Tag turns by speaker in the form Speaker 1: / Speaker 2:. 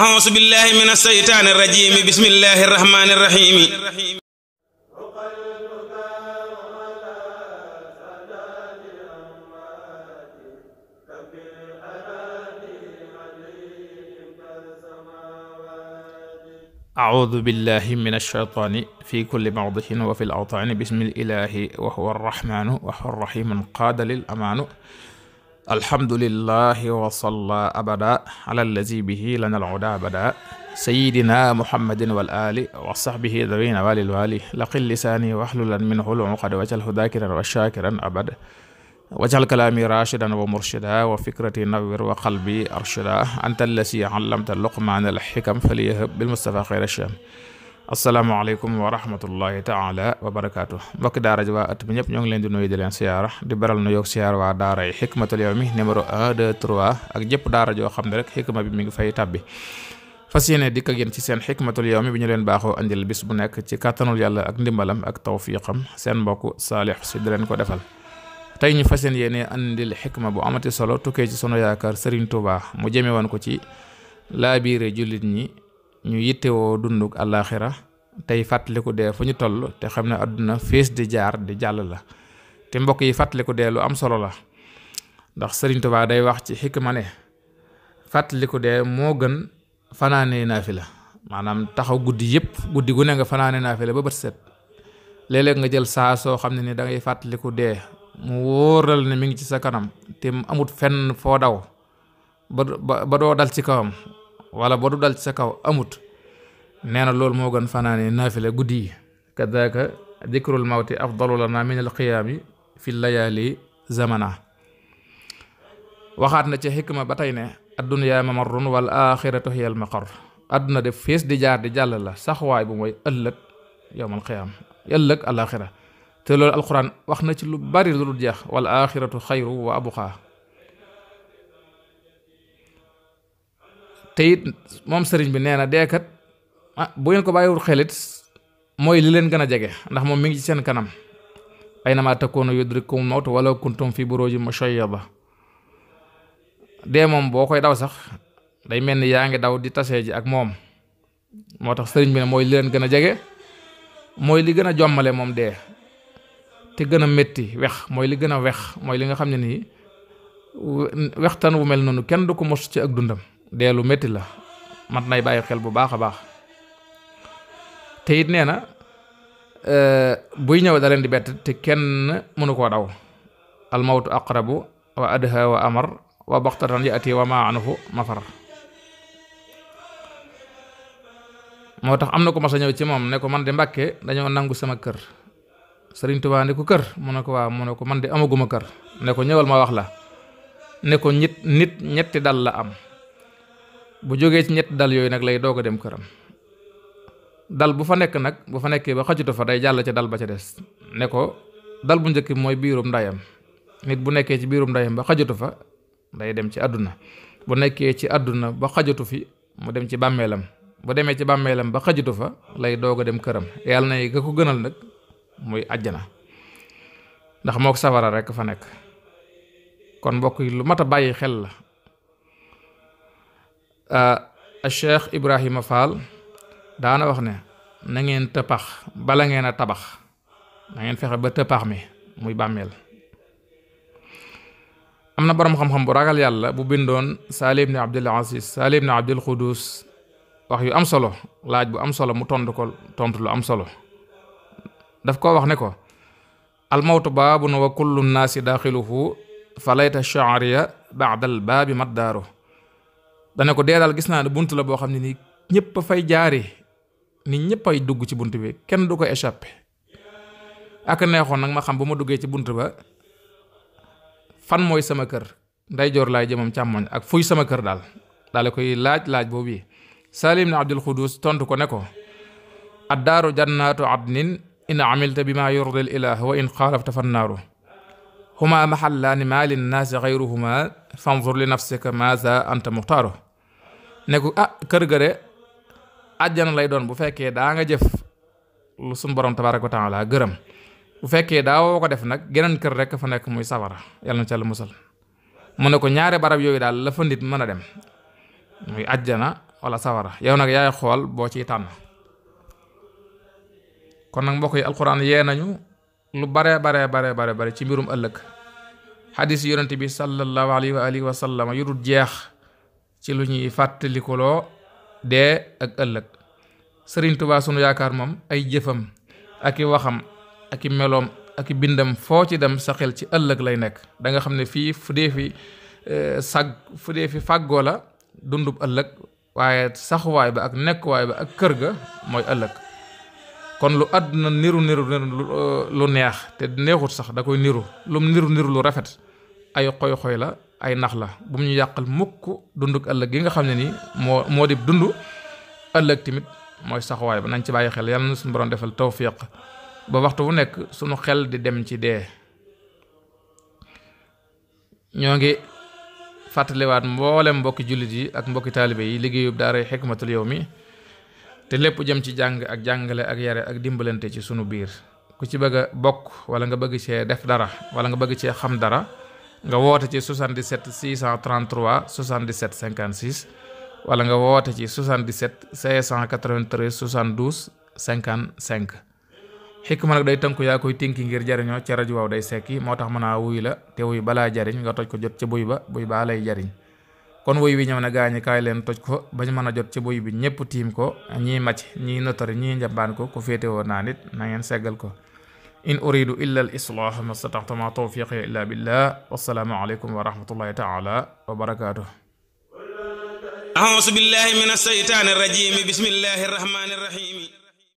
Speaker 1: أعوذ بالله من الشيطان الرجيم بسم الله الرحمن الرحيم أعوذ بالله من الشيطان في كل موضع وفي الأوطان بسم الإله وهو الرحمن وهو الرحيم قاد للأمان alhamdulillahi wa salla abada ala allazi bihi lana al-huda abada sayidina muhammadin wal ali wa sahbihi dawina walil wali laqil lisani wahlulan minhu al-uqad wajal hudakiran wa shakiran abada wajal kalami rashidan wa murshida wa fikrati nawwir wa qalbi arshida anta allazi allamta luqmana al-hikam falyahab bil mustafa khayra sham asalaamaaleykum wa rahmatullahi taala wa barakaatu mbokki daara ji waa at bi ñëpp ñoo ngi leen di nuyu di leen siyaara di baral nu yoog siyaar waa daara xikmatul yawmi numéro 1 2 3 ak jëpp daara joo xam ne rek xikma bi mu ngi fay tabbi fas yéene dikk ak yéen ci seen xikmatul yawmi bi ñu leen baaxoo andil bis bu nekk ci kàttanul yàlla ak ndimbalam ak tawfiqam seen mbokk saalix si di leen ko defal tey ñu fas yéene andil xikma bu amati solo tukkee ci sunu yaakaar Serigne Touba mu jëme woon ko ci laabiire jullit ñi ñu yittewoo dunduk àllaaxira tey fàttaliku dee fu ñu toll te xam ne àdduna fees di jaar di jàll la te mbokk yi fàttaliku dee lu am solo la ndax Sëriñ Tuubaa day wax ci xikma ne fàttaliku dee moo gën fanaanee naafila maanaam taxaw guddi yëpp guddi gu ne nga fanaanee naafila ba bët set léeg nga jël saa soo xam ne ni dangay fàttaliku dee mu wóoral ne mi ngi ci sa kanam te amut fenn foo daw ba ba doo dal ci kawam wala ba du dal ci sa kaw amut nee na loolu moo gën fanaane naafila guddi yi kadaka dikrul mawti afdalu lana min alqiyaami fi layaali zamana waxaat na ci xikma ba tey ne adduniyaa mamarrun wal axiratu hiya almaqar adduna de fees di jaar di jàll la saxuwaay bu mooy ëllëg yowmal qiyaam ëllëg alaxira te loolu alquran wax na ci lu bari lu dul jeex wal axiratu xayru wa abuqaa te it moom sëriñ bi nee na deekat ah bu ngeen ko bàyyiwul xelit mooy li leen gën a jege ndax moom mi ngi ci seen kanam aynama takuunu yudrikkumul mawt walaw kuntum fi buruujin ba dee moom boo koy daw sax day mel ni yaa ngi daw di tasee ji ak moom moo tax sëriñ bi ne mooy li leen gën a jege mooy li gën a jommale moom dee te gën a métti wex mooy li gën a wex mooy li nga xam ne nii wextaan wu mel noonu kenn du ko mos ci ak dundam deelu metti la mat nay bàyyi xel bu baax a baax te it nee na e, buy ñëwee da leen di bett te kenn mënu koo daw almawtu aqrabu wa adha wa amar wa baxtatan yaati wa ma anhu moo tax am na ko ma a ñëw ci moom ne ko man di mbàkke dañoo nangu sama kër sëriñtu Tuubaa ne ko kër mu ne ko waa mu ne ko man di amaguma kër ne ko ñëwal ma wax la ne ko nit nit ñetti dal la am bu jógee ci ñetti dal yooyu nag lay doog a dem këram dal bu fa nekk nag bu fa nekkee ba xajutu fa day jàll ci dal ba ca des ne ko dal bu njëkk mooy biirum ndayam nit bu nekkee ci biirum ndayam ba xajutu fa day dem ci àdduna bu nekkee ci àdduna ba xajatu fi mu dem ci bàmmeelam bu demee ci bàmmeelam ba xajatu fa lay doog a dem këram yàlla na yi ko gënal nag muy àjjana ndax mook safara rekk fa nekk kon mbokk lu mat a bàyyi xel la Euh, Cheikh Ibrahima Fall daana wax ne na ngeen tëppax bala ngeen a tabax na ngeen fexe ba tëppax mi muy bàmmeel am na boroom xam-xam bu ragal yàlla bu bindoon Salih ibn Abdul Aziz Salih ibn Abdul Xudus wax yu am solo laaj bu am solo mu tontu ko tontu lu am solo daf ko wax ne ko almawtu baabun wa kullu nnaasi daaxiluhu fa layta shaariya baadal baabi maddaaru dana ko dee daal gis naa ne bunt la boo xam ne nii ñëpp a fay jaari ni ñëpp ay dugg ci bunt bi kenn du ko échappé ak neexoon nag ma xam bu ma duggee ci bunt ba fan mooy sama kër ndeyjoor laay jëmam càmmoñ ak fuy sama kër daal daal koy laaj laaj boobu yi Salim na Abdul Xudus tontu ko ne ko addaaru jannaatu adnin in amilta bi ma yurdil ilah wa in xaalafta fannaaru huma mahallaani ma linnaasi xayruhuma fanzur li nafsika maza anta muxtaaru ne ko ah kër gëre de lay doon bu fekkee daa nga jëf lu sunu borom tabaaraka wa laa gërëm bu fekkee daa woo ko def nag geneen kër rek fa nekk muy sawara yàlla na ca la musal mu ne ko ñaari barab yooyu daal la fa nit mën a dem muy àjjana wala safara yow nag yaay xool boo ciy tànn kon nag mbokk alxuraan yee nañu lu baree baree bare bare bare ci mbirum ëllëg xadis yi bi sallallahu alayhi wa wa sallam yu dul jeex ci lu ñuy fàttalikuloo dee ak ëllëg sëriñ tubaa sunu yaakaar moom ay jëfam ak i waxam ak i meloom ak i bindam foo ci dem sa xel ci ëllëg lay nekk danga xam ne fii fu dee fi e, sag fu dee fi fàggoo la dundub ëllëg waaye saxuwaay bi ak nekkuwaay bi ak kër ga mooy ëllëg kon lu àdduna niru niru euh, lu neex te neexut sax da koy niru lum niru niru lu rafet ay xoy-xoy la ay nax la bu mu ñu yàqal mukk dunduk ëllëg gi nga xam ne ni moo moo di dund ëllëg tamit mooy saxuwaay ba nañ ci bàyyi xel yàlla na suñu borom defal tawfiq ba waxtu bu nekk suñu xel di dem ci dee ñoo ngi fàttaliwaat mboolem mbokki jullit yi ak mbokki taalibe yi liggéeyub daaray Hikmatul mi te lépp jëm ci jàng ak jàngale ak yare ak dimbalante ci sunu biir ku ci bëgg a bokk wala nga bëgg cee def dara wala nga bëgg cee xam dara nga woote ci 77 633 77 56 wala nga woote ci 77 693 72 55. xikma nag day tënku yaa koy tinki ngir jariñoo ci rajo waaw day sekki moo tax mën a wuy la te wuy balaa jariñ nga toj ko jot ca buy ba buy baa lay jariñ kon woy wi ñëw na gaa ñi kaay leen toj ko bañ mën a jot ci woy bi ñëpp tiim ko ñii macc ñii notari ñii njambaan ko ku féete naa nit na ngeen seggal ko in uridu illa al islah ma stata'tu ma tawfiqi illa billah wassalaamu aleykum wa rahmatullahi taala wa barakatuh
Speaker 2: a'uuzu billahi min ashaytaani rajiim bismillahi rahmaani
Speaker 1: rahiim